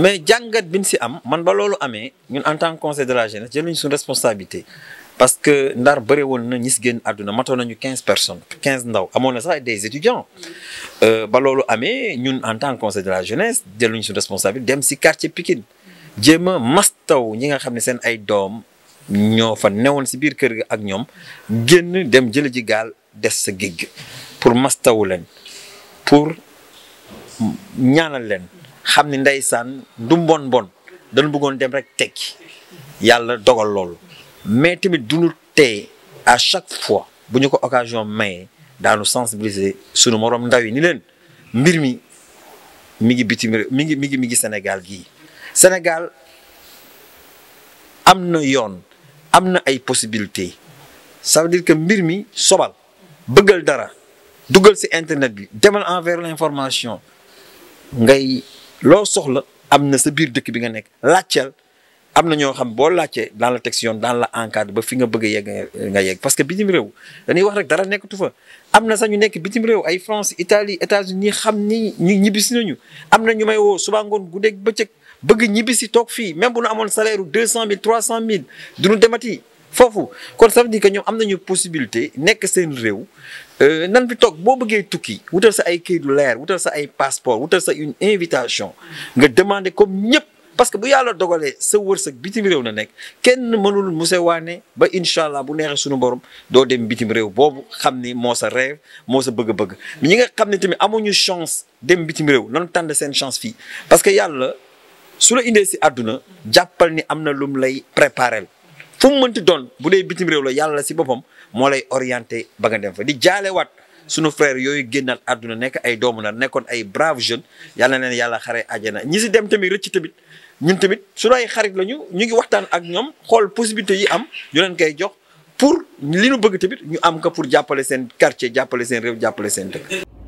mais jangat bi ci am man ba amé ñun en tant que conseil de la jeunesse jël avons une responsabilité parce que ndar na personnes 15 ndaw des étudiants euh, ba ñun en tant conseil de la jeunesse jël responsabilité dem si quartier Pikine mastaw ñi nga xamné sen ay doom fa si biir kër ak dem pour mastaw pour ñaanal xamni ni ndeysaan du bon mbon dañu bëggoon dem rek tek yalla dogal loolu mais tamit du ñu tee à chaque fois bu ñu ko occasion mayee daanu sensibiliser sunu moroom ndaw yi ni leen mbir mi mi ngi bitim mi ngi mi ngi mi ngi Sénégal gi Sénégal amna yoon ay possibilités ça veut dire que mbir mi sobal bëggal dara dugal ci internet bi demal envers l'information ngay loo soxla am na sa biir dëkk bi nga nekk laajteel am na ñoo xam boo laajtee dans la texte yoon dans la encadre ba fi nga bëgg a yegg nga yegg parce que bitim réew dañuy wax rek dara nekkatu fa am na sa ñu nekk bitim réew ay France Italie États-Unis xam ni ñu ñibbisi nañu am na ñu may woo suba ngoon guddeeg bëccëg bëgg ñibbisi toog fii même bu nu amoon salaire ru deux cent mille trois cent mille du nu demati fofu kon ça veut dire que ñom am nañu possibilité nek seen réew euh, nan fi tok bo bëggee tukki wutal sa ay kayit lu leer wutal sa ay passeport wutal sa une invitation nga demander comme ñep parce que bu yalla dogalé sa wërsëg bitim réew na nek kenn mënul muse waane ba inshallah bu nexé suñu borom do dem bitim réew bobu xamni mo sa rêve mo sa bëgg-bëgg mi nga xamni tamit amuñu chance dem bitim réew nan tànn seen chance fi parce que yalla su la indee aduna jappal ni amna na lum lay préparer fu mu mënti doon bu dee bitim réew la yàlla si boppam moo lay orienté ba nga dem fa di jaalewaat sunu frère yooyu génnaat àdduna nekk ay doomu na nekkoon ay brave jeune yàlla neen leen yàlla xare àjjana ñi si dem tamit rëcc tamit ñun tamit sunu ay xarit lañu ñu ngi waxtaan ak ñoom xool possibilité yi am ñu leen koy jox pour li nu bëgg tamit ñu am ko pour jàppale seen quartier jàppale seen réew jàppale seen dëkk.